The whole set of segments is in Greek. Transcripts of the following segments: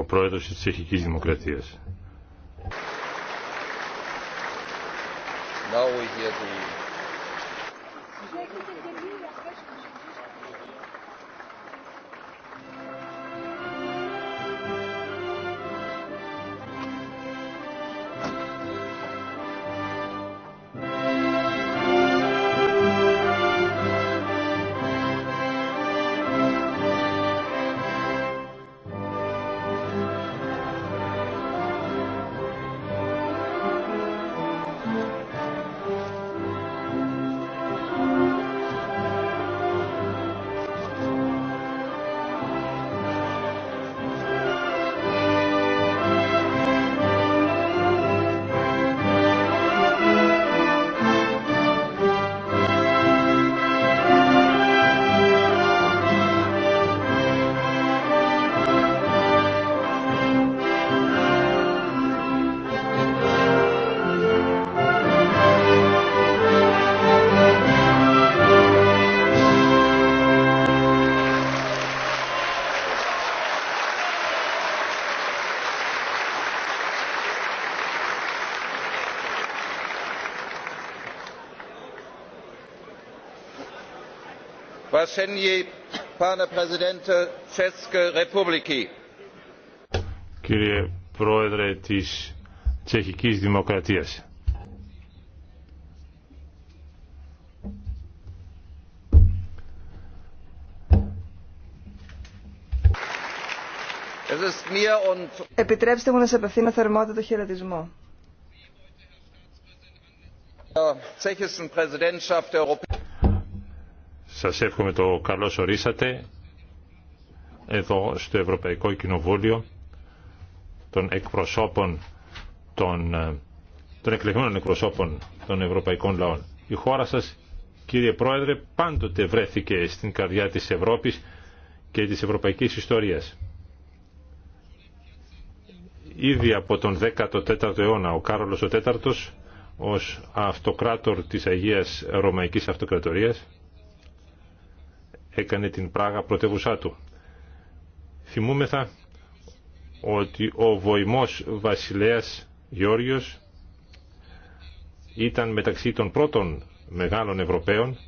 ο πρόεδρος της Τσεχικής Δημοκρατίας. Now we hear the... Κύριε Πρόεδρε της Τσεχικής Δημοκρατίας. Επιτρέψτε μου να σε απευθύνω θερμότατο χαιρετισμό. Σας εύχομαι το καλό ορίσατε εδώ στο Ευρωπαϊκό Κοινοβούλιο των εκπροσώπων των, ε, των εκλεγμένων εκπροσώπων των ευρωπαϊκών λαών. Η χώρα σας, κύριε Πρόεδρε, πάντοτε βρέθηκε στην καρδιά της Ευρώπης και της ευρωπαϊκής ιστορίας. Ήδη από τον 14ο αιώνα ο Κάρολος ο καρολος ο ως αυτοκράτορ της Αγίας Ρωμαϊκής Αυτοκρατορίας έκανε την Πράγα πρωτεύουσά του. Θυμούμεθα ότι ο βοημός βασιλέας Γιώργιος ήταν μεταξύ των πρώτων μεγάλων Ευρωπαίων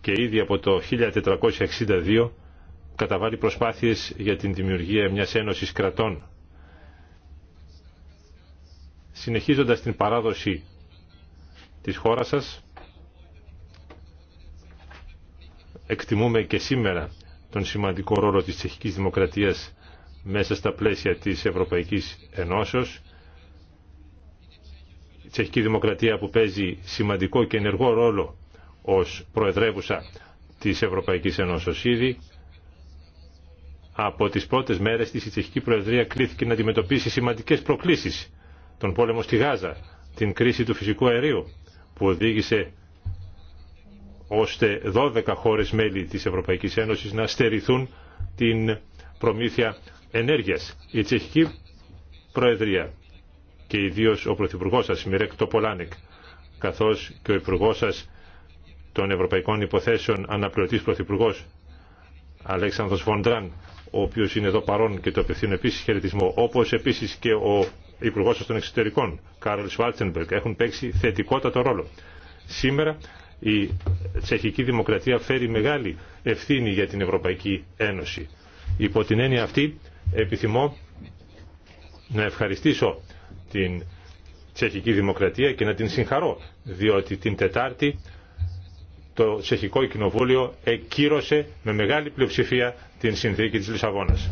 και ήδη από το 1462 καταβάλει προσπάθειες για την δημιουργία μιας ένωσης κρατών. Συνεχίζοντας την παράδοση της χώρας σας, εκτιμούμε και σήμερα τον σημαντικό ρόλο της τσεχικής δημοκρατίας μέσα στα πλαίσια της Ευρωπαϊκής Ενώσεως. Η τσεχική δημοκρατία που παίζει σημαντικό και ενεργό ρόλο ως προεδρεύουσα της Ευρωπαϊκής Ενώσεως ήδη. Από τις πρώτες μέρες της η τσεχική προεδρία κρίθηκε να αντιμετωπίσει σημαντικές προκλήσεις. Τον πόλεμο στη Γάζα, την κρίση του φυσικού αερίου που οδήγησε ώστε 12 χώρες μέλη της Ευρωπαϊκής Ένωσης να στερηθούν την προμήθεια ενέργειας. Η Τσεχική Προεδρία και ιδίω ο Πρωθυπουργός σας, Μιρέκ Τοπολάνεκ, καθώς και ο Υπουργός σας των Ευρωπαϊκών Υποθέσεων, αναπληρωτής Πρωθυπουργός, Αλέξανδρος Βοντράν, ο οποίος είναι εδώ παρόν και το απευθύνω επίση χαιρετισμό, όπως επίσης και ο Υπουργός των Εξωτερικών, Κάρολ Σβάλτσενμπεργκ, έχουν παίξει θετικότατο ρόλο. Σήμερα η τσεχική δημοκρατία φέρει μεγάλη ευθύνη για την Ευρωπαϊκή Ένωση. Υπό την έννοια αυτή επιθυμώ να ευχαριστήσω την τσεχική δημοκρατία και να την συγχαρώ, διότι την Τετάρτη το τσεχικό κοινοβούλιο εκύρωσε με μεγάλη πλειοψηφία την συνθήκη της Λισαβόνας.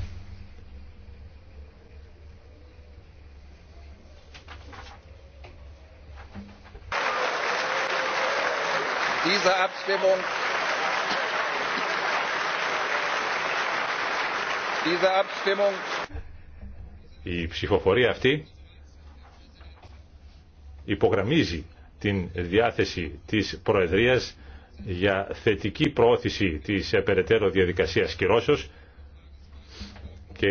η ψηφοφορία αυτή υπογραμμίζει την διάθεση της Προεδρίας για θετική πρόωθηση της περαιτέρω διαδικασίας κυρώσεως και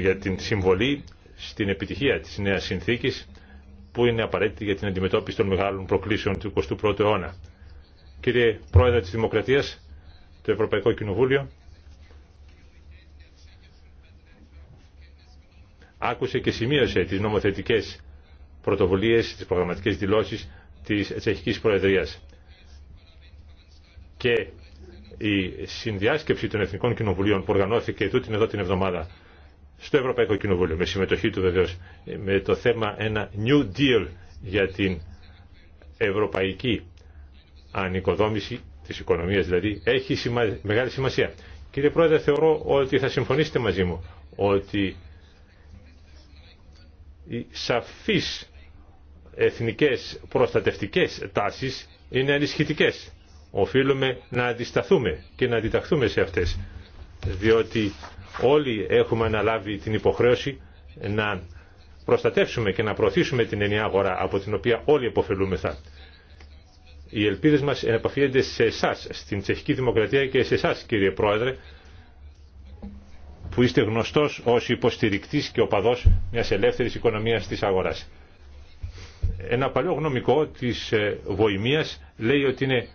για την συμβολή στην επιτυχία της νέας συνθήκης που είναι απαραίτητη για την αντιμετώπιση των μεγάλων προκλήσεων του 21ου αιώνα. Κύριε Πρόεδρε της Δημοκρατίας, το Ευρωπαϊκό Κοινοβούλιο άκουσε και σημείωσε τις νομοθετικές πρωτοβουλίες, τις προγραμματικές δηλώσεις της Τσεχικής Προεδρίας. Και η συνδιάσκεψη των Εθνικών Κοινοβουλίων που οργανώθηκε τούτην εδώ την εβδομάδα στο Ευρωπαϊκό Κοινοβούλιο, με συμμετοχή του βεβαίως, με το θέμα ένα New Deal για την ευρωπαϊκή ανοικοδόμηση της οικονομίας δηλαδή έχει μεγάλη σημασία. Κύριε Πρόεδρε, θεωρώ ότι θα συμφωνήσετε μαζί μου ότι οι σαφείς εθνικές προστατευτικές τάσεις είναι ανισχυτικές. Οφείλουμε να αντισταθούμε και να αντιταχθούμε σε αυτές, διότι όλοι έχουμε αναλάβει την υποχρέωση να προστατεύσουμε και να προωθήσουμε την ενιαία αγορά από την οποία όλοι υποφελούμεθα. Οι ελπίδες μας επαφιένται σε εσά, στην τσεχική δημοκρατία και σε εσά κύριε Πρόεδρε, που είστε γνωστός ως υποστηρικτής και οπαδός μιας ελεύθερης οικονομίας της αγοράς. Ένα παλιό γνωμικό της ε, Βοημίας λέει ότι είναι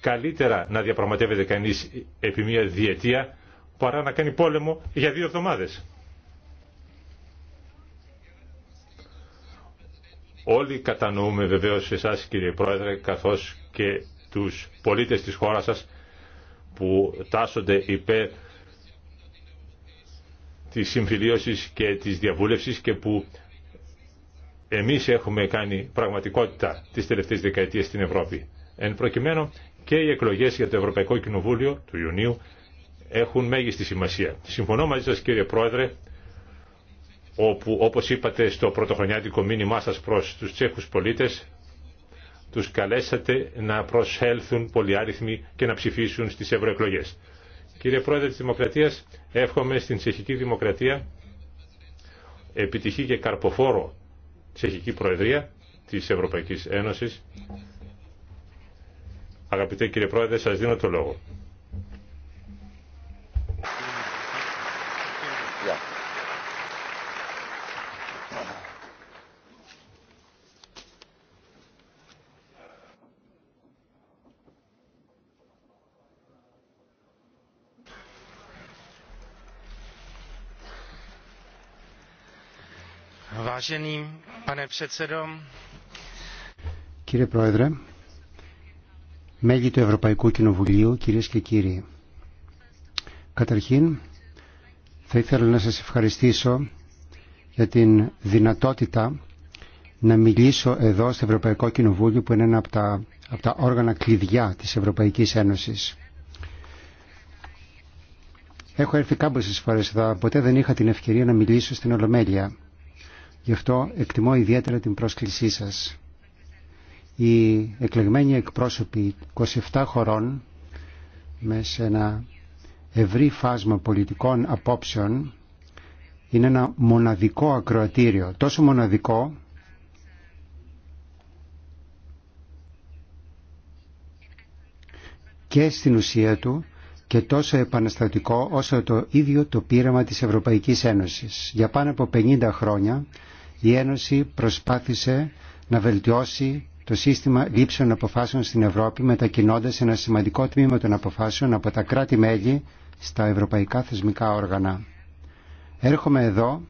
καλύτερα να διαπραγματεύεται κανείς επί μια διετία παρά να κάνει πόλεμο για δύο εβδομάδες. Όλοι κατανοούμε βεβαίως εσάς κύριε Πρόεδρε καθώς και τους πολίτες της χώρας σας που τάσσονται υπέρ της συμφιλίωσης και της διαβούλευσης και που εμείς έχουμε κάνει πραγματικότητα τις τελευταίες δεκαετίες στην Ευρώπη. Εν προκειμένου και οι εκλογές για το Ευρωπαϊκό Κοινοβούλιο του Ιουνίου έχουν μέγιστη σημασία. Συμφωνώ μαζί σας κύριε Πρόεδρε όπου όπως είπατε στο πρωτοχρονιάτικο μήνυμά σας προς τους Τσέχους πολίτες τους καλέσατε να προσέλθουν πολυάριθμοι και να ψηφίσουν στις ευρωεκλογέ. Κύριε Πρόεδρε της Δημοκρατίας, εύχομαι στην Τσεχική Δημοκρατία επιτυχή και καρποφόρο Τσεχική Προεδρία της Ευρωπαϊκής Ένωσης. Αγαπητέ κύριε Πρόεδρε, σας δίνω το λόγο. Κύριε Πρόεδρε, μέλη του Ευρωπαϊκού Κοινοβουλίου, κυρίες και κύριοι. Καταρχήν, θα ήθελα να σας ευχαριστήσω για την δυνατότητα να μιλήσω εδώ στο Ευρωπαϊκό Κοινοβούλιο που είναι ένα από τα, από τα όργανα κλειδιά της Ευρωπαϊκής Ένωσης. Έχω έρθει κάμποσε φορέ εδώ, ποτέ δεν είχα την ευκαιρία να μιλήσω στην Ολομέλεια. Γι' αυτό εκτιμώ ιδιαίτερα την πρόσκλησή σας. Οι εκλεγμένοι εκπρόσωποι 27 χωρών με σε ένα ευρύ φάσμα πολιτικών απόψεων είναι ένα μοναδικό ακροατήριο. Τόσο μοναδικό και στην ουσία του και τόσο επαναστατικό όσο το ίδιο το πείραμα της Ευρωπαϊκής Ένωσης. Για πάνω από 50 χρόνια η Ένωση προσπάθησε να βελτιώσει το σύστημα λήψεων αποφάσεων στην Ευρώπη μετακινώντας ένα σημαντικό τμήμα των αποφάσεων από τα κράτη-μέλη στα ευρωπαϊκά θεσμικά όργανα. Έρχομαι εδώ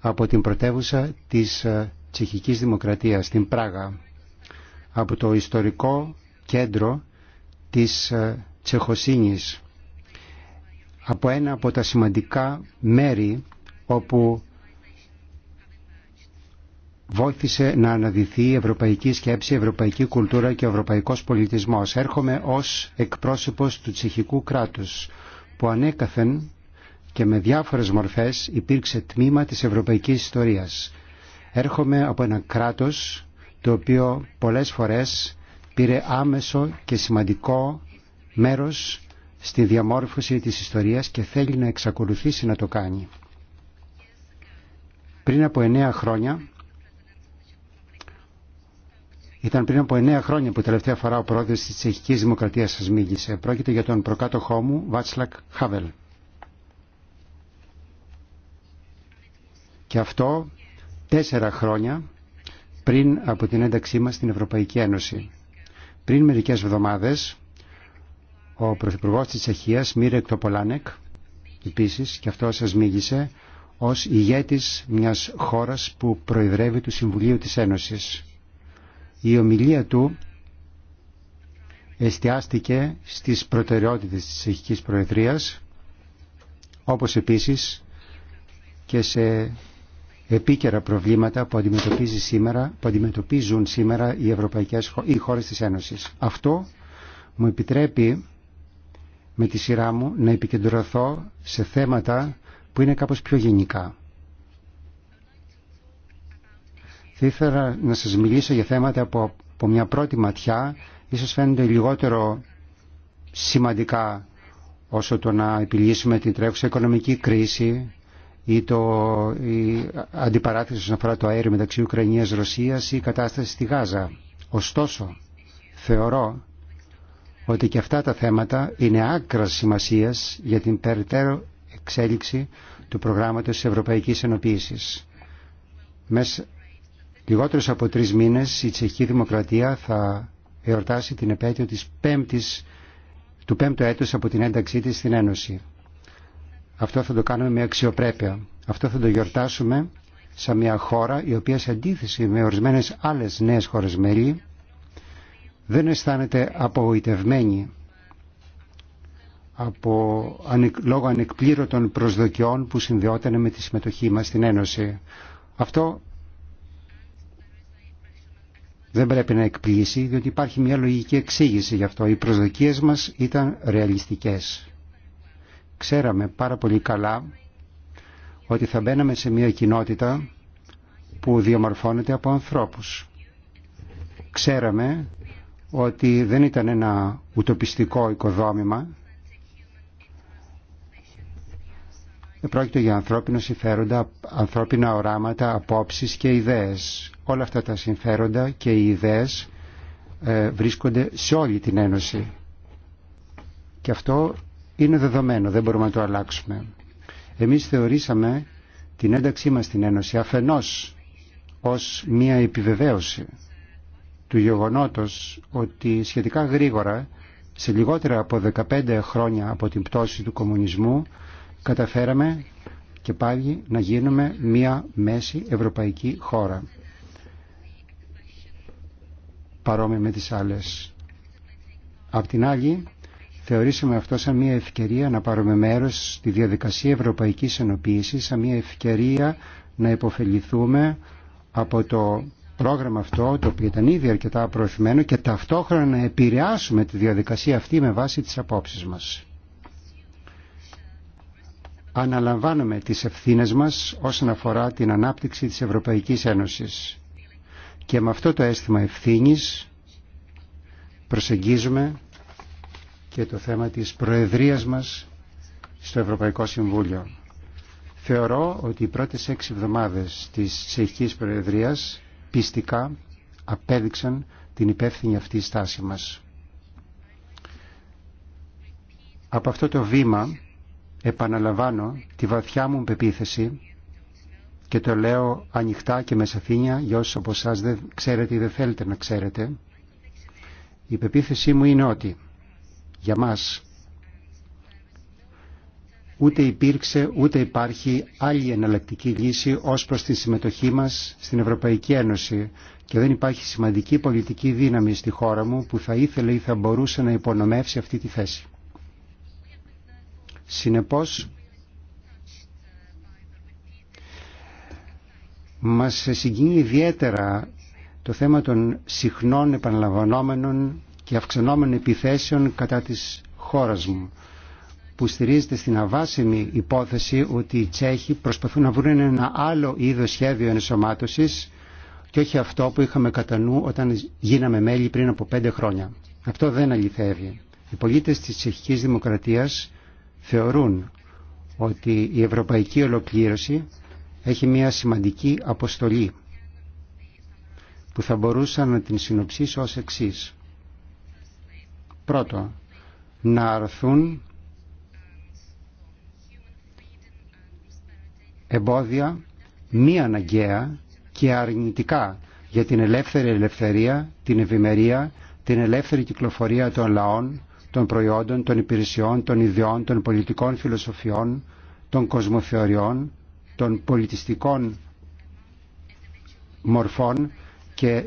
από την πρωτεύουσα της ε, Τσεχικής Δημοκρατίας, την Πράγα, από το ιστορικό κέντρο της ε, Τσεχοσύνης, από ένα από τα σημαντικά μέρη όπου Βόηθησε να αναδυθεί η ευρωπαϊκή σκέψη, η ευρωπαϊκή κουλτούρα και ο ευρωπαϊκός πολιτισμός. Έρχομαι ως εκπρόσωπος του τσεχικού κράτους, που ανέκαθεν και με διάφορες μορφές υπήρξε τμήμα της ευρωπαϊκής ιστορίας. Έρχομαι από ένα κράτος το οποίο πολλές φορές πήρε άμεσο και σημαντικό μέρος στη διαμόρφωση της ιστορίας και θέλει να εξακολουθήσει να το κάνει. Πριν από εννέα χρόνια ήταν πριν από εννέα χρόνια που τελευταία φορά ο πρόεδρος τη Τσεχική Δημοκρατία σα μίλησε. Πρόκειται για τον προκάτοχό μου, Βάτσλακ Χάβελ. Και αυτό τέσσερα χρόνια πριν από την ένταξή μας στην Ευρωπαϊκή Ένωση. Πριν μερικές εβδομάδες, ο πρωθυπουργό της Τσεχίας, Μίρεκ Τοπολάνεκ, επίσης, και αυτό σας μίλησε, ως ηγέτης μιας χώρας που προεδρεύει του Συμβουλίου της Ένωσης η ομιλία του εστιάστηκε στις προτεραιότητες της ψυχικής Προεδρίας όπως επίσης και σε επίκαιρα προβλήματα που, αντιμετωπίζει σήμερα, που αντιμετωπίζουν σήμερα οι, ευρωπαϊκές, οι χώρες της Ένωσης. Αυτό μου επιτρέπει με τη σειρά μου να επικεντρωθώ σε θέματα που είναι κάπως πιο γενικά. Θα ήθελα να σας μιλήσω για θέματα που από μια πρώτη ματιά ίσως φαίνονται λιγότερο σημαντικά όσο το να επιλύσουμε την τρέχουσα οικονομική κρίση ή το, η αντιπαράθεση όσον αφορά το αέριο μεταξύ Ουκρανίας και Ρωσίας ή η κατάσταση στη Γάζα. Ωστόσο, θεωρώ ότι και αυτά τα θέματα είναι άκρα σημασίας για την περαιτέρω εξέλιξη του προγράμματος της Ευρωπαϊκής Ενοποίησης λιγότερους από τρεις μήνες η Τσεχική Δημοκρατία θα εορτάσει την επέτειο της πέμπτης, του πέμπτου έτους από την ένταξή της στην Ένωση. Αυτό θα το κάνουμε με αξιοπρέπεια. Αυτό θα το γιορτάσουμε σαν μια χώρα η οποία σε αντίθεση με ορισμένες άλλες νέες χώρες μέλη δεν αισθάνεται απογοητευμένη από, λόγω ανεκπλήρωτων προσδοκιών που συνδεόταν με τη συμμετοχή μας στην Ένωση. Αυτό δεν πρέπει να εκπλήσει, διότι υπάρχει μια λογική εξήγηση γι' αυτό. Οι προσδοκίες μας ήταν ρεαλιστικές. Ξέραμε πάρα πολύ καλά ότι θα μπαίναμε σε μια κοινότητα που διαμορφώνεται από ανθρώπους. Ξέραμε ότι δεν ήταν ένα ουτοπιστικό οικοδόμημα, Πρόκειται για ανθρώπινο συμφέροντα, ανθρώπινα οράματα, απόψεις και ιδέες. Όλα αυτά τα συμφέροντα και οι ιδέες ε, βρίσκονται σε όλη την Ένωση. Και αυτό είναι δεδομένο, δεν μπορούμε να το αλλάξουμε. Εμείς θεωρήσαμε την ένταξή μας στην Ένωση αφενός ως μια επιβεβαίωση του γεγονότος ότι σχετικά γρήγορα, σε λιγότερα από 15 χρόνια από την πτώση του κομμουνισμού, καταφέραμε και πάλι να γίνουμε μία μέση ευρωπαϊκή χώρα παρόμοια με τις άλλες. Απ' την άλλη, θεωρήσαμε αυτό σαν μια ευκαιρία να πάρουμε μέρος στη διαδικασία ευρωπαϊκής ενοποίησης, σαν μια ευκαιρία να υποφεληθούμε από το πρόγραμμα αυτό, το οποίο ήταν ήδη αρκετά προωθημένο και ταυτόχρονα να επηρεάσουμε τη διαδικασία αυτή με βάση τις απόψεις μας αναλαμβάνουμε τις ευθύνες μας όσον αφορά την ανάπτυξη της Ευρωπαϊκής Ένωσης. Και με αυτό το αίσθημα ευθύνης προσεγγίζουμε και το θέμα της προεδρίας μας στο Ευρωπαϊκό Συμβούλιο. Θεωρώ ότι οι πρώτες έξι εβδομάδες της Τσεχικής Προεδρίας πιστικά απέδειξαν την υπεύθυνη αυτή στάση μας. Από αυτό το βήμα επαναλαμβάνω τη βαθιά μου πεποίθηση και το λέω ανοιχτά και με σαφήνεια για όσους από εσά δεν ξέρετε ή δεν θέλετε να ξέρετε. Η πεποίθησή μου είναι ότι για μας ούτε υπήρξε ούτε υπάρχει άλλη εναλλακτική λύση ως προς τη συμμετοχή μας στην Ευρωπαϊκή Ένωση και δεν υπάρχει σημαντική πολιτική δύναμη στη χώρα μου που θα ήθελε ή θα μπορούσε να υπονομεύσει αυτή τη θέση. Συνεπώς, μας συγκινεί ιδιαίτερα το θέμα των συχνών επαναλαμβανόμενων και αυξανόμενων επιθέσεων κατά της χώρας μου που στηρίζεται στην αβάσιμη υπόθεση ότι οι Τσέχοι προσπαθούν να βρουν ένα άλλο είδος σχέδιο ενσωμάτωσης και όχι αυτό που είχαμε κατά νου όταν γίναμε μέλη πριν από πέντε χρόνια. Αυτό δεν αληθεύει. Οι πολίτες της τσεχικής δημοκρατίας θεωρούν ότι η ευρωπαϊκή ολοκλήρωση έχει μια σημαντική αποστολή που θα μπορούσα να την συνοψίσω ως εξής. Πρώτο, να αρθούν εμπόδια μη αναγκαία και αρνητικά για την ελεύθερη ελευθερία, την ευημερία, την ελεύθερη κυκλοφορία των λαών, των προϊόντων, των υπηρεσιών, των ιδιών, των πολιτικών φιλοσοφιών, των κοσμοθεωριών, των πολιτιστικών μορφών και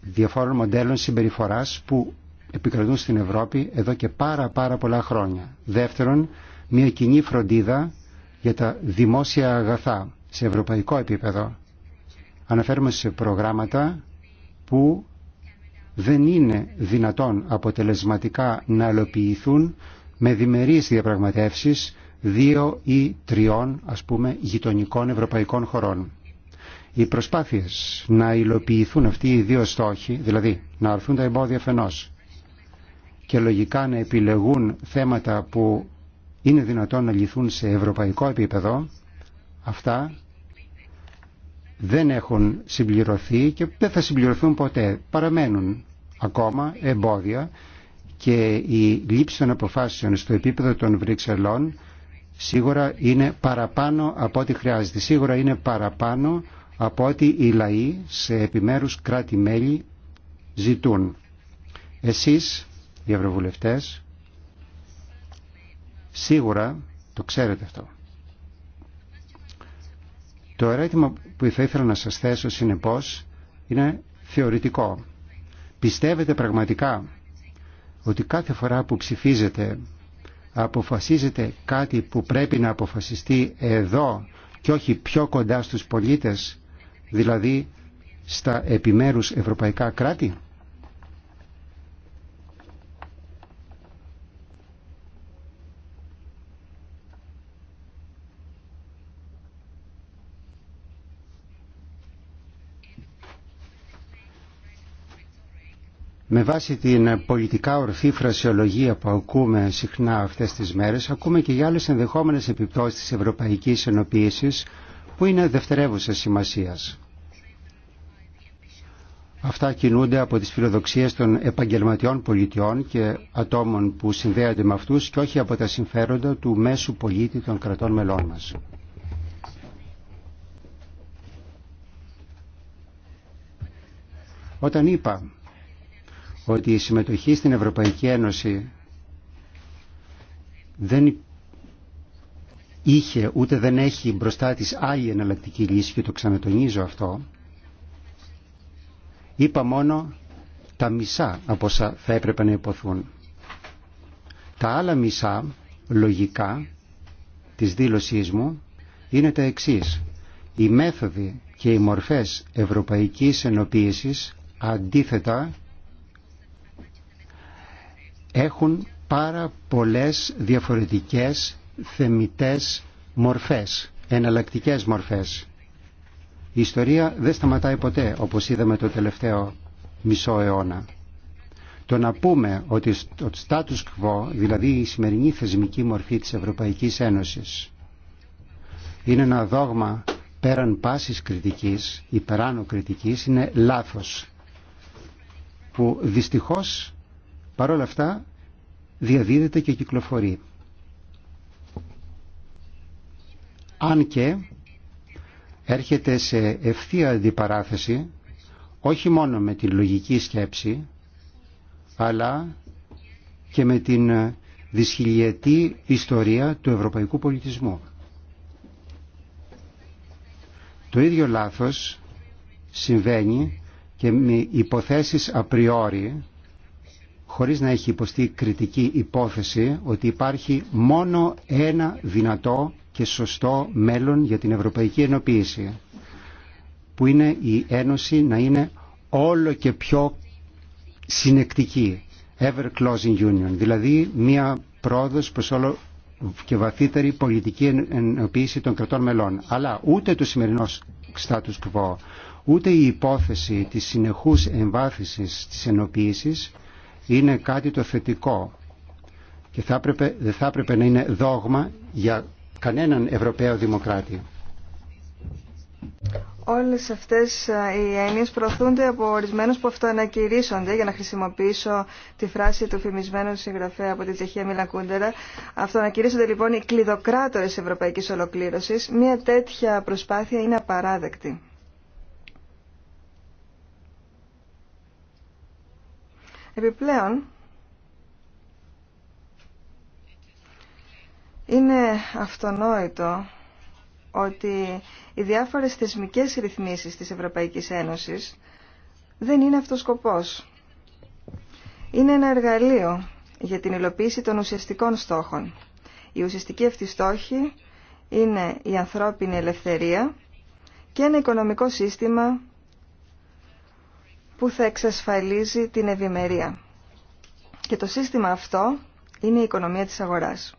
διαφόρων μοντέλων συμπεριφοράς που επικρατούν στην Ευρώπη εδώ και πάρα πάρα πολλά χρόνια. Δεύτερον, μια κοινή φροντίδα για τα δημόσια αγαθά σε ευρωπαϊκό επίπεδο. Αναφέρουμε σε προγράμματα που δεν είναι δυνατόν αποτελεσματικά να ελοποιηθούν με διμερείς διαπραγματεύσεις δύο ή τριών ας πούμε γειτονικών ευρωπαϊκών χωρών. Οι προσπάθειες να υλοποιηθούν αυτοί οι δύο στόχοι, δηλαδή να αρθούν τα εμπόδια φενός και λογικά να επιλεγούν θέματα που είναι δυνατόν να λυθούν σε ευρωπαϊκό επίπεδο, αυτά δεν έχουν συμπληρωθεί και δεν θα συμπληρωθούν ποτέ. Παραμένουν ακόμα εμπόδια και η λήψη των αποφάσεων στο επίπεδο των Βρυξελών σίγουρα είναι παραπάνω από ό,τι χρειάζεται. Σίγουρα είναι παραπάνω από ό,τι οι λαοί σε επιμέρους κράτη-μέλη ζητούν. Εσείς, οι Ευρωβουλευτές, σίγουρα το ξέρετε αυτό. Το ερώτημα που θα ήθελα να σας θέσω συνεπώς είναι θεωρητικό. Πιστεύετε πραγματικά ότι κάθε φορά που ψηφίζετε αποφασίζετε κάτι που πρέπει να αποφασιστεί εδώ και όχι πιο κοντά στους πολίτες, δηλαδή στα επιμέρους ευρωπαϊκά κράτη. Με βάση την πολιτικά ορθή φρασιολογία που ακούμε συχνά αυτές τις μέρες, ακούμε και για άλλες ενδεχόμενες επιπτώσεις της ευρωπαϊκής ενοποίησης που είναι δευτερεύουσα σημασίας. Αυτά κινούνται από τις φιλοδοξίες των επαγγελματιών πολιτιών και ατόμων που συνδέονται με αυτούς και όχι από τα συμφέροντα του μέσου πολίτη των κρατών μελών μας. Όταν είπα ότι η συμμετοχή στην Ευρωπαϊκή Ένωση δεν είχε ούτε δεν έχει μπροστά της άλλη εναλλακτική λύση και το ξανατονίζω αυτό είπα μόνο τα μισά από όσα θα έπρεπε να υποθούν τα άλλα μισά λογικά της δήλωσής μου είναι τα εξής οι μέθοδοι και οι μορφές ευρωπαϊκής ενοποίησης αντίθετα έχουν πάρα πολλές διαφορετικές θεμητές μορφές, εναλλακτικές μορφές. Η ιστορία δεν σταματάει ποτέ, όπως είδαμε το τελευταίο μισό αιώνα. Το να πούμε ότι το status quo, δηλαδή η σημερινή θεσμική μορφή της Ευρωπαϊκής Ένωσης, είναι ένα δόγμα πέραν πάσης κριτικής, υπεράνω κριτικής, είναι λάθος, που δυστυχώς παρόλα αυτά διαδίδεται και κυκλοφορεί. Αν και έρχεται σε ευθεία αντιπαράθεση όχι μόνο με τη λογική σκέψη αλλά και με την δυσχυλιετή ιστορία του ευρωπαϊκού πολιτισμού. Το ίδιο λάθος συμβαίνει και με υποθέσεις απριόρι χωρίς να έχει υποστεί κριτική υπόθεση ότι υπάρχει μόνο ένα δυνατό και σωστό μέλλον για την Ευρωπαϊκή Ενοποίηση που είναι η Ένωση να είναι όλο και πιο συνεκτική Ever Closing Union δηλαδή μια πρόοδος προς όλο και βαθύτερη πολιτική ενοποίηση των κρατών μελών αλλά ούτε το σημερινό status quo ούτε η υπόθεση της συνεχούς εμβάθυνσης της ενοποίησης είναι κάτι το θετικό και θα δεν θα έπρεπε να είναι δόγμα για κανέναν Ευρωπαίο Δημοκράτη. Όλες αυτές οι έννοιες προωθούνται από ορισμένους που αυτοανακηρύσσονται, για να χρησιμοποιήσω τη φράση του φημισμένου συγγραφέα από τη Τσεχία Μίλα Κούντερα. Αυτοανακηρύσσονται λοιπόν οι κλειδοκράτορες ευρωπαϊκής ολοκλήρωσης. Μία τέτοια προσπάθεια είναι απαράδεκτη. Επιπλέον, είναι αυτονόητο ότι οι διάφορες θεσμικές ρυθμίσεις της Ευρωπαϊκής Ένωσης δεν είναι αυτός σκοπός. Είναι ένα εργαλείο για την υλοποίηση των ουσιαστικών στόχων. Η ουσιαστική αυτή στόχη είναι η ανθρώπινη ελευθερία και ένα οικονομικό σύστημα που θα εξασφαλίζει την ευημερία. Και το σύστημα αυτό είναι η οικονομία της αγοράς.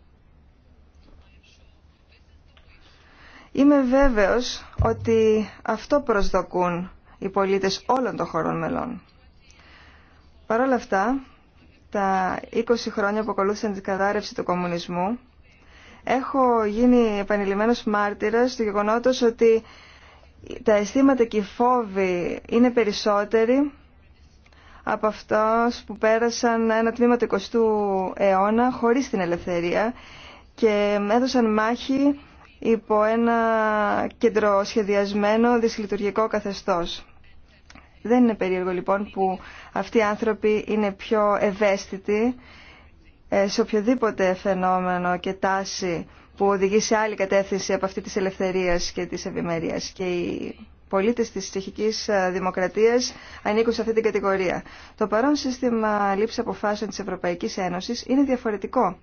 Είμαι βέβαιος ότι αυτό προσδοκούν οι πολίτες όλων των χωρών μελών. Παρ' όλα αυτά, τα 20 χρόνια που ακολούθησαν την κατάρρευση του κομμουνισμού, έχω γίνει επανειλημμένος μάρτυρας του γεγονότος ότι τα αισθήματα και οι φόβοι είναι περισσότεροι από αυτός που πέρασαν ένα τμήμα του 20ου αιώνα χωρίς την ελευθερία και έδωσαν μάχη υπό ένα κεντροσχεδιασμένο δυσλειτουργικό καθεστώς. Δεν είναι περίεργο λοιπόν που αυτοί οι άνθρωποι είναι πιο ευαίσθητοι ε, σε οποιοδήποτε φαινόμενο και τάση που οδηγεί σε άλλη κατεύθυνση από αυτή της ελευθερίας και της ευημερία. Και οι πολίτες της τσεχικής ε, δημοκρατίας ανήκουν σε αυτή την κατηγορία. Το παρόν σύστημα λήψη αποφάσεων της Ευρωπαϊκής Ένωσης είναι διαφορετικό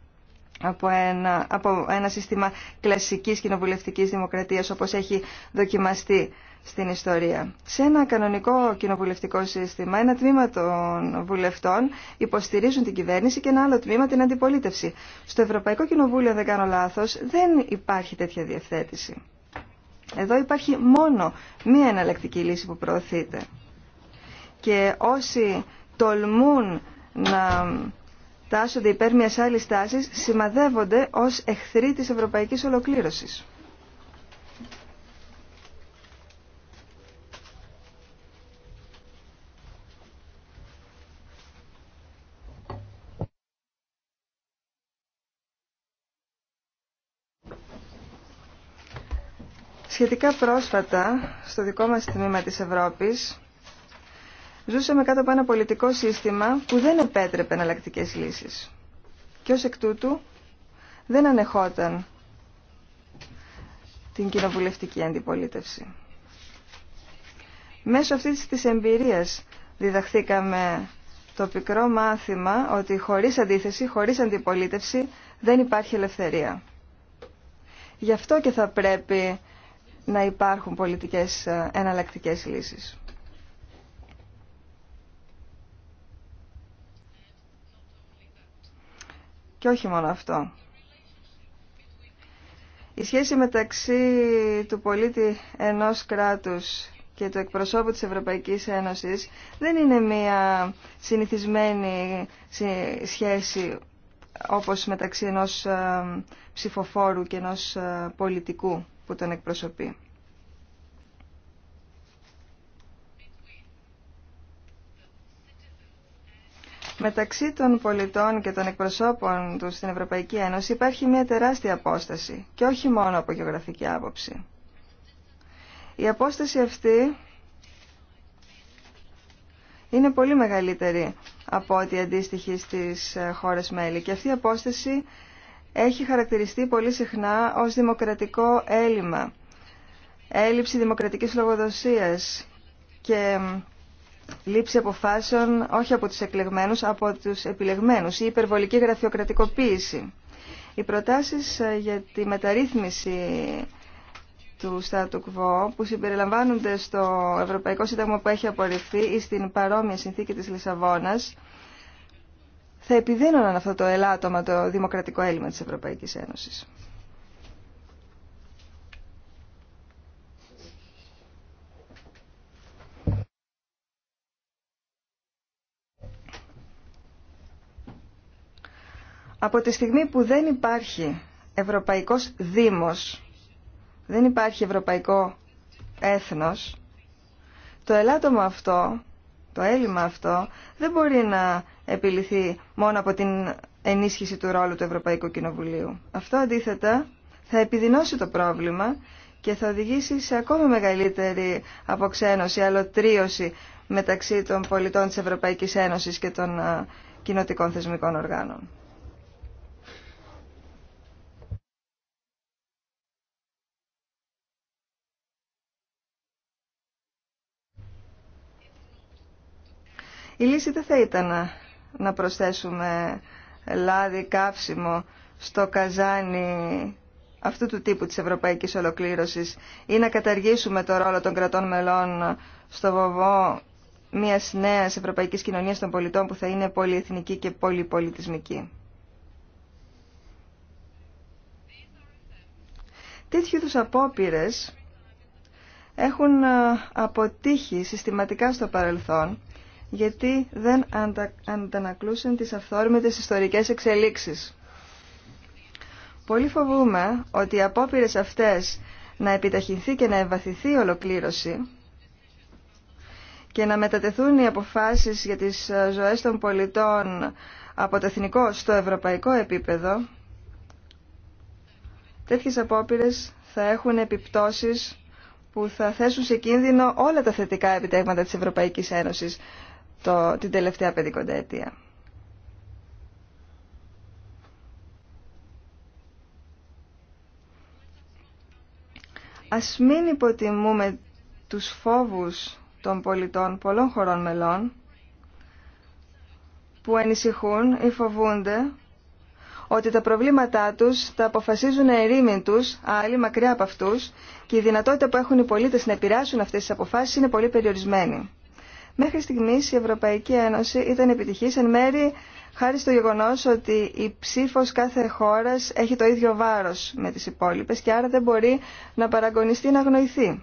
από ένα, από ένα σύστημα κλασικής κοινοβουλευτικής δημοκρατίας όπως έχει δοκιμαστεί στην ιστορία. Σε ένα κανονικό κοινοβουλευτικό σύστημα, ένα τμήμα των βουλευτών υποστηρίζουν την κυβέρνηση και ένα άλλο τμήμα την αντιπολίτευση. Στο Ευρωπαϊκό Κοινοβούλιο, δεν κάνω λάθος, δεν υπάρχει τέτοια διευθέτηση. Εδώ υπάρχει μόνο μία εναλλακτική λύση που προωθείται. Και όσοι τολμούν να τάσσονται υπέρ μια άλλη τάση, σημαδεύονται ως εχθροί της ευρωπαϊκής ολοκλήρωσης. Σχετικά πρόσφατα, στο δικό μας τμήμα της Ευρώπης, Ζούσαμε κάτω από ένα πολιτικό σύστημα που δεν επέτρεπε εναλλακτικέ λύσεις. Και ω εκ τούτου δεν ανεχόταν την κοινοβουλευτική αντιπολίτευση. Μέσω αυτής της εμπειρίας διδαχθήκαμε το πικρό μάθημα ότι χωρίς αντίθεση, χωρίς αντιπολίτευση δεν υπάρχει ελευθερία. Γι' αυτό και θα πρέπει να υπάρχουν πολιτικές ε, εναλλακτικές λύσεις. Και όχι μόνο αυτό. Η σχέση μεταξύ του πολίτη ενός κράτους και του εκπροσώπου της Ευρωπαϊκής Ένωσης δεν είναι μια συνηθισμένη σχέση όπως μεταξύ ενός ε, ψηφοφόρου και ενός ε, πολιτικού που τον εκπροσωπεί. Μεταξύ των πολιτών και των εκπροσώπων του στην Ευρωπαϊκή Ένωση υπάρχει μια τεράστια απόσταση και όχι μόνο από γεωγραφική άποψη. Η απόσταση αυτή είναι πολύ μεγαλύτερη από ό,τι αντίστοιχη στις χώρες μέλη και αυτή η απόσταση έχει χαρακτηριστεί πολύ συχνά ως δημοκρατικό έλλειμμα, έλλειψη δημοκρατικής λογοδοσίας και λήψη αποφάσεων όχι από τους εκλεγμένους, από τους επιλεγμένους, η υπερβολική γραφειοκρατικοποίηση. Οι προτάσεις ε, για τη μεταρρύθμιση του Στάτου Κβό που συμπεριλαμβάνονται στο Ευρωπαϊκό Σύνταγμα που έχει απορριφθεί ή στην παρόμοια συνθήκη της Λισαβόνας θα επιδίνωναν αυτό το ελάττωμα το δημοκρατικό έλλειμμα της Ευρωπαϊκής Ένωσης. Από τη στιγμή που δεν υπάρχει Ευρωπαϊκός Δήμος, δεν υπάρχει Ευρωπαϊκό Έθνος, το ελάττωμα αυτό, το έλλειμμα αυτό, δεν μπορεί να επιληθεί μόνο από την ενίσχυση του ρόλου του Ευρωπαϊκού Κοινοβουλίου. Αυτό αντίθετα θα επιδεινώσει το πρόβλημα και θα οδηγήσει σε ακόμα μεγαλύτερη αποξένωση, αλλοτρίωση μεταξύ των πολιτών της Ευρωπαϊκής Ένωσης και των κοινοτικών θεσμικών οργάνων. Η λύση δεν θα ήταν να προσθέσουμε λάδι, καύσιμο στο καζάνι αυτού του τύπου της ευρωπαϊκής ολοκλήρωσης ή να καταργήσουμε το ρόλο των κρατών μελών στο βοβό μιας νέας ευρωπαϊκής κοινωνίας των πολιτών που θα είναι πολυεθνική και πολυπολιτισμική. Τέτοιου τους απόπειρε έχουν ε, αποτύχει συστηματικά στο παρελθόν γιατί δεν αντανακλούσαν τις αυθόρμητες ιστορικές εξελίξεις. Πολύ φοβούμε ότι οι απόπειρες αυτές να επιταχυνθεί και να εμβαθυνθεί η ολοκλήρωση και να μετατεθούν οι αποφάσεις για τις ε, ζωές των πολιτών από το εθνικό στο ευρωπαϊκό επίπεδο, τέτοιες απόπειρες θα έχουν επιπτώσεις που θα θέσουν σε κίνδυνο όλα τα θετικά επιτέγματα της Ευρωπαϊκής Ένωσης το, την τελευταία πεντηκονταετία. Ας μην υποτιμούμε τους φόβους των πολιτών πολλών χωρών μελών που ανησυχούν ή φοβούνται ότι τα προβλήματά τους τα αποφασίζουν ερήμην τους, άλλοι μακριά από αυτούς και η δυνατότητα που έχουν οι πολίτες να επηρεάσουν αυτές τις αποφάσεις είναι πολύ περιορισμένη. Μέχρι στιγμή η Ευρωπαϊκή Ένωση ήταν επιτυχής εν μέρη χάρη στο γεγονός ότι η ψήφος κάθε χώρας έχει το ίδιο βάρος με τις υπόλοιπες και άρα δεν μπορεί να παραγωνιστεί να αγνοηθεί.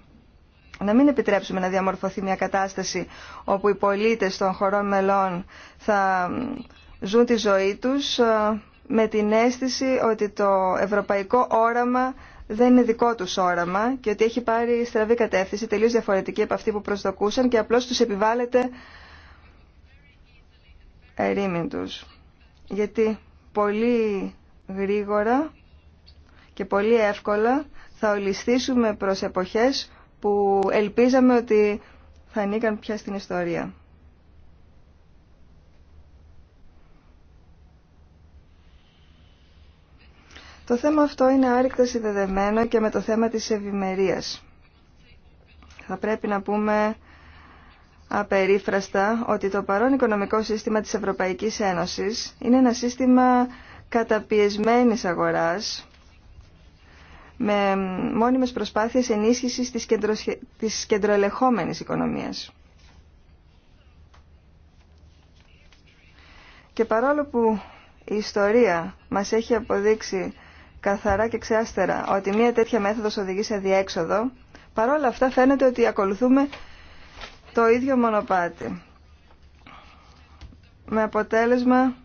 Να μην επιτρέψουμε να διαμορφωθεί μια κατάσταση όπου οι πολίτες των χωρών μελών θα ζουν τη ζωή τους ε, με την αίσθηση ότι το ευρωπαϊκό όραμα δεν είναι δικό του όραμα και ότι έχει πάρει στραβή κατεύθυνση, τελείω διαφορετική από αυτή που προσδοκούσαν και απλώ του επιβάλλεται ερήμην του. Γιατί πολύ γρήγορα και πολύ εύκολα θα ολιστήσουμε προς εποχές που ελπίζαμε ότι θα ανήκαν πια στην ιστορία. Το θέμα αυτό είναι άρρηκτα συνδεδεμένο και με το θέμα της ευημερία. Θα πρέπει να πούμε απερίφραστα ότι το παρόν οικονομικό σύστημα της Ευρωπαϊκής Ένωσης είναι ένα σύστημα καταπιεσμένης αγοράς με μόνιμες προσπάθειες ενίσχυσης της, κεντρο... της κεντροελεχόμενης οικονομίας. Και παρόλο που η ιστορία μας έχει αποδείξει καθαρά και ξεάστερα ότι μια τέτοια μέθοδος οδηγεί σε διέξοδο, παρόλα αυτά φαίνεται ότι ακολουθούμε το ίδιο μονοπάτι. Με αποτέλεσμα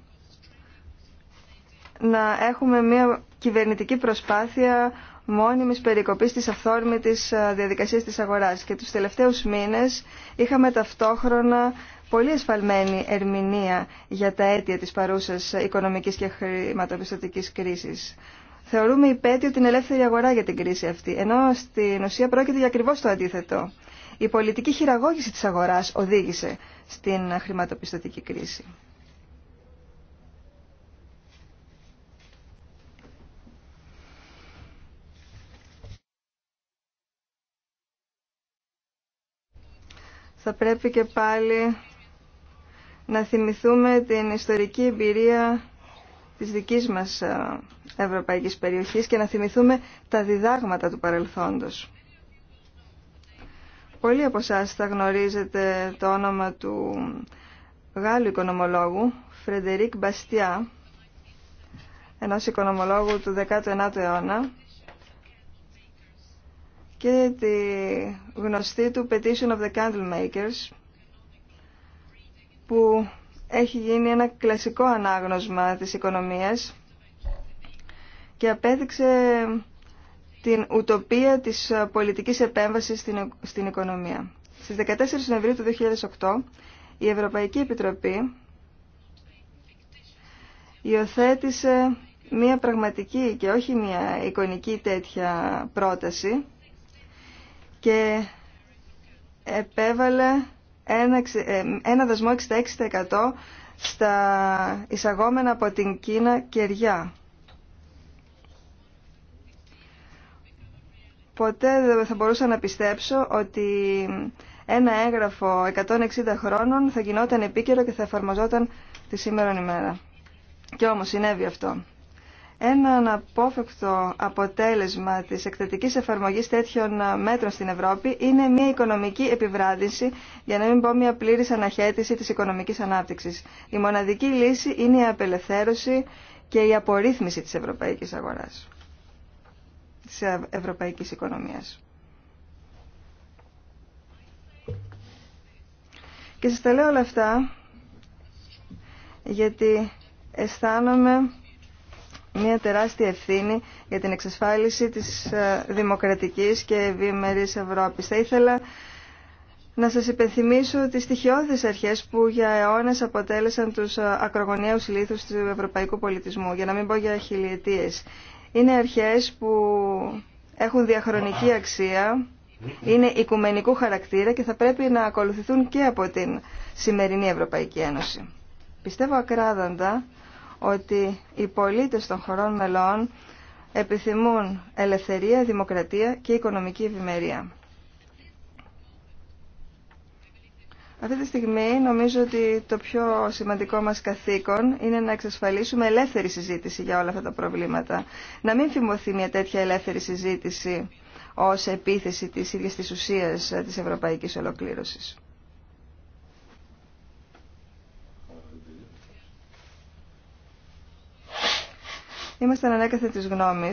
να έχουμε μια κυβερνητική προσπάθεια μόνιμης περικοπής της αυθόρμητης ε, διαδικασίας της αγοράς. Και τους τελευταίους μήνες είχαμε ταυτόχρονα πολύ εσφαλμένη ερμηνεία για τα αίτια της παρούσας οικονομικής και χρηματοπιστωτικής κρίσης θεωρούμε υπέτειο την ελεύθερη αγορά για την κρίση αυτή, ενώ στην ουσία πρόκειται για ακριβώς το αντίθετο. Η πολιτική χειραγώγηση της αγοράς οδήγησε στην χρηματοπιστωτική κρίση. Θα πρέπει και πάλι να θυμηθούμε την ιστορική εμπειρία της δικής μας ε, ευρωπαϊκής περιοχής και να θυμηθούμε τα διδάγματα του παρελθόντος. Πολλοί από εσά θα γνωρίζετε το όνομα του Γάλλου οικονομολόγου Φρεντερίκ Μπαστιά, ενός οικονομολόγου του 19ου αιώνα και τη γνωστή του Petition of the Candlemakers που έχει γίνει ένα κλασικό ανάγνωσμα της οικονομίας και απέδειξε την ουτοπία της πολιτικής επέμβασης στην οικονομία. Στις 14 Νοεμβρίου του 2008 η Ευρωπαϊκή Επιτροπή υιοθέτησε μία πραγματική και όχι μία εικονική τέτοια πρόταση και επέβαλε ένα, δεσμό ε, δασμό 66% στα εισαγόμενα από την Κίνα κεριά. Ποτέ δεν θα μπορούσα να πιστέψω ότι ένα έγγραφο 160 χρόνων θα γινόταν επίκαιρο και θα εφαρμοζόταν τη σήμερα ημέρα. Και όμως συνέβη αυτό. Ένα αναπόφευκτο αποτέλεσμα της εκτετικής εφαρμογής τέτοιων μέτρων στην Ευρώπη είναι μια οικονομική επιβράδυνση, για να μην πω μια πλήρης αναχέτηση της οικονομικής ανάπτυξης. Η μοναδική λύση είναι η απελευθέρωση και η απορρίθμιση της ευρωπαϊκής αγοράς, της ευρωπαϊκής οικονομία Και σας τα λέω όλα αυτά γιατί αισθάνομαι μια τεράστια ευθύνη για την εξασφάλιση της ε, δημοκρατικής και ευήμερης Ευρώπης. Θα ήθελα να σας υπενθυμίσω τις στοιχειώδεις αρχές που για αιώνες αποτέλεσαν τους ε, ακρογωνιαίους λίθους του ευρωπαϊκού πολιτισμού, για να μην πω για χιλιετίες. Είναι αρχές που έχουν διαχρονική αξία, είναι οικουμενικού χαρακτήρα και θα πρέπει να ακολουθηθούν και από την σημερινή Ευρωπαϊκή Ένωση. Πιστεύω ακράδαντα ότι οι πολίτες των χωρών μελών επιθυμούν ελευθερία, δημοκρατία και οικονομική ευημερία. Αυτή τη στιγμή νομίζω ότι το πιο σημαντικό μας καθήκον είναι να εξασφαλίσουμε ελεύθερη συζήτηση για όλα αυτά τα προβλήματα. Να μην φημωθεί μια τέτοια ελεύθερη συζήτηση ως επίθεση της ίδιας της ουσίας ε, της ευρωπαϊκής ολοκλήρωσης. Είμαστε ανέκαθε της γνώμη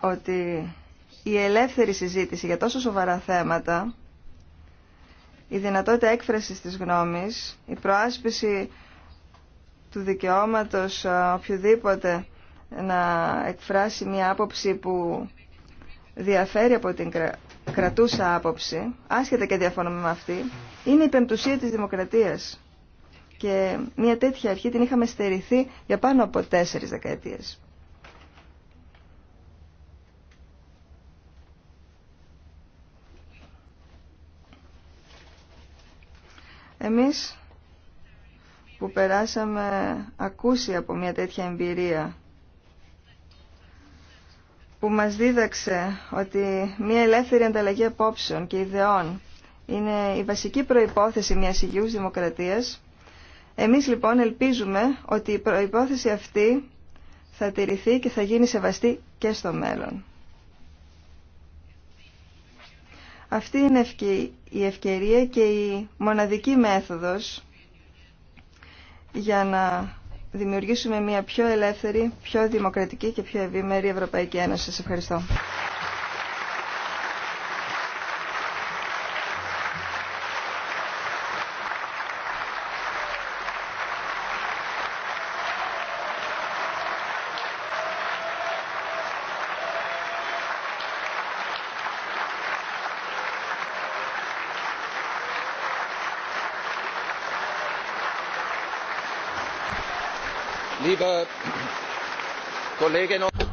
ότι η ελεύθερη συζήτηση για τόσο σοβαρά θέματα, η δυνατότητα έκφρασης της γνώμης, η προάσπιση του δικαιώματος ε, οποιοδήποτε να εκφράσει μια άποψη που διαφέρει από την κρατούσα άποψη, άσχετα και διαφωνούμε με αυτή, είναι η πεμπτουσία της δημοκρατίας και μια τέτοια αρχή την είχαμε στερηθεί για πάνω από τέσσερις δεκαετίες. Εμείς που περάσαμε ακούσει από μια τέτοια εμπειρία που μας δίδαξε ότι μια ελεύθερη ανταλλαγή απόψεων και ιδεών είναι η βασική προϋπόθεση μιας υγιούς δημοκρατίας εμείς λοιπόν ελπίζουμε ότι η προϋπόθεση αυτή θα τηρηθεί και θα γίνει σεβαστή και στο μέλλον. Αυτή είναι η ευκαιρία και η μοναδική μέθοδος για να δημιουργήσουμε μια πιο ελεύθερη, πιο δημοκρατική και πιο ευήμερη Ευρωπαϊκή Ένωση. Σας ευχαριστώ.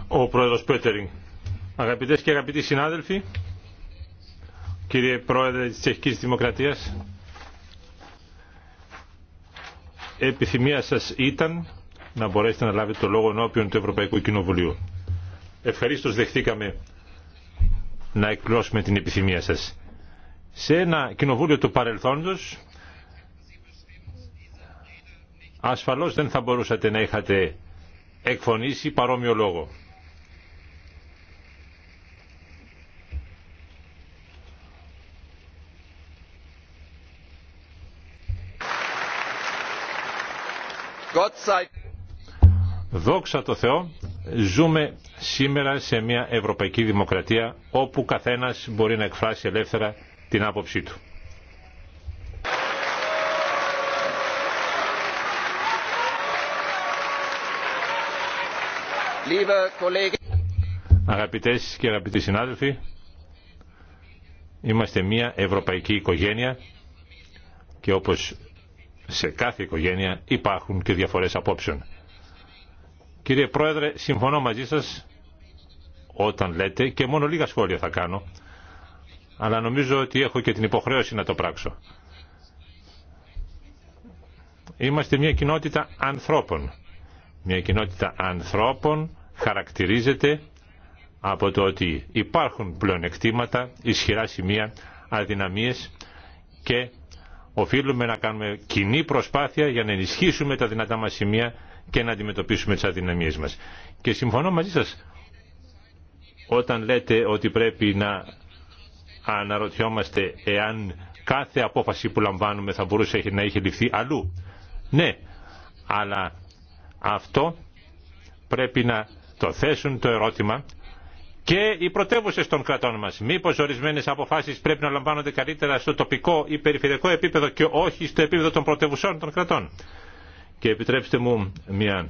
Ο πρόεδρος Πέτερινγκ. Αγαπητές και αγαπητοί συνάδελφοι, κύριε πρόεδρε της Τσεχικής Δημοκρατίας, επιθυμία σας ήταν να μπορέσετε να λάβετε το λόγο ενώπιον του Ευρωπαϊκού Κοινοβουλίου. Ευχαρίστως δεχτήκαμε να εκπλώσουμε την επιθυμία σας. Σε ένα κοινοβούλιο του παρελθόντος, ασφαλώς δεν θα μπορούσατε να είχατε εκφωνήσει παρόμοιο λόγο. Δόξα τω Θεώ, ζούμε σήμερα σε μια ευρωπαϊκή δημοκρατία όπου καθένας μπορεί να εκφράσει ελεύθερα την άποψή του. Αγαπητές και αγαπητοί συνάδελφοι, είμαστε μια ευρωπαϊκή οικογένεια και όπως σε κάθε οικογένεια υπάρχουν και διαφορές απόψεων. Κύριε Πρόεδρε, συμφωνώ μαζί σας όταν λέτε και μόνο λίγα σχόλια θα κάνω, αλλά νομίζω ότι έχω και την υποχρέωση να το πράξω. Είμαστε μια κοινότητα ανθρώπων. Μια κοινότητα ανθρώπων χαρακτηρίζεται από το ότι υπάρχουν πλεονεκτήματα, ισχυρά σημεία, αδυναμίες και οφείλουμε να κάνουμε κοινή προσπάθεια για να ενισχύσουμε τα δυνατά μας σημεία και να αντιμετωπίσουμε τις αδυναμίες μας. Και συμφωνώ μαζί σας όταν λέτε ότι πρέπει να αναρωτιόμαστε εάν κάθε απόφαση που λαμβάνουμε θα μπορούσε να έχει ληφθεί αλλού. Ναι, αλλά αυτό πρέπει να το θέσουν το ερώτημα και οι πρωτεύουσε των κρατών μα. Μήπω ορισμένε αποφάσει πρέπει να λαμβάνονται καλύτερα στο τοπικό ή περιφερειακό επίπεδο και όχι στο επίπεδο των πρωτεύουσών των κρατών. Και επιτρέψτε μου μια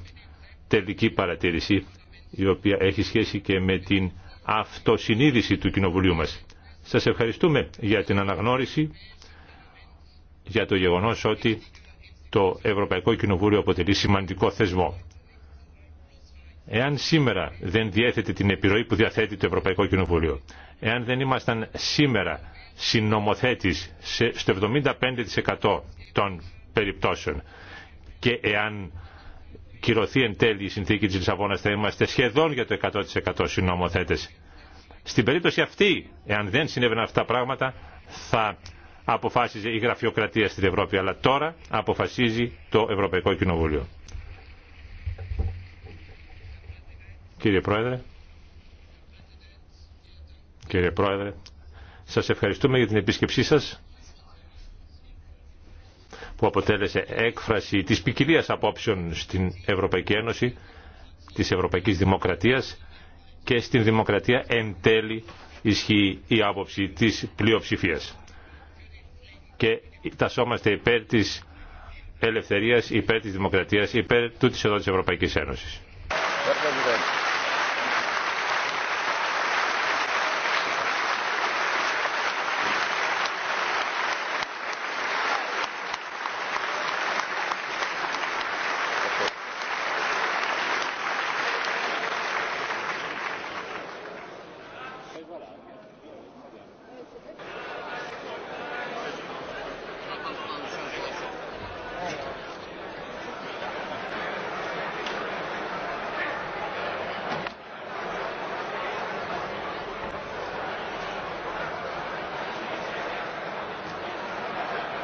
τελική παρατήρηση η οποία έχει σχέση και με την αυτοσυνείδηση του Κοινοβουλίου μας. Σας ευχαριστούμε για την αναγνώριση, για το γεγονός ότι το Ευρωπαϊκό Κοινοβούλιο αποτελεί σημαντικό θεσμό. Εάν σήμερα δεν διέθετε την επιρροή που διαθέτει το Ευρωπαϊκό Κοινοβούλιο, εάν δεν ήμασταν σήμερα συνομοθέτης στο 75% των περιπτώσεων και εάν κυρωθεί εν τέλει η συνθήκη της Λισαβόνας θα είμαστε σχεδόν για το 100% συνομοθέτες. Στην περίπτωση αυτή, εάν δεν συνέβαιναν αυτά τα πράγματα, θα αποφάσιζε η γραφειοκρατία στην Ευρώπη, αλλά τώρα αποφασίζει το Ευρωπαϊκό Κοινοβούλιο. Κύριε Πρόεδρε, κύριε Πρόεδρε, σας ευχαριστούμε για την επίσκεψή σας που αποτέλεσε έκφραση της ποικιλία απόψεων στην Ευρωπαϊκή Ένωση, της Ευρωπαϊκής Δημοκρατίας και στην Δημοκρατία εν τέλει ισχύει η άποψη της πλειοψηφίας. Και τασόμαστε υπέρ της ελευθερίας, υπέρ της δημοκρατίας, υπέρ τούτης εδώ της Ευρωπαϊκής Ένωσης.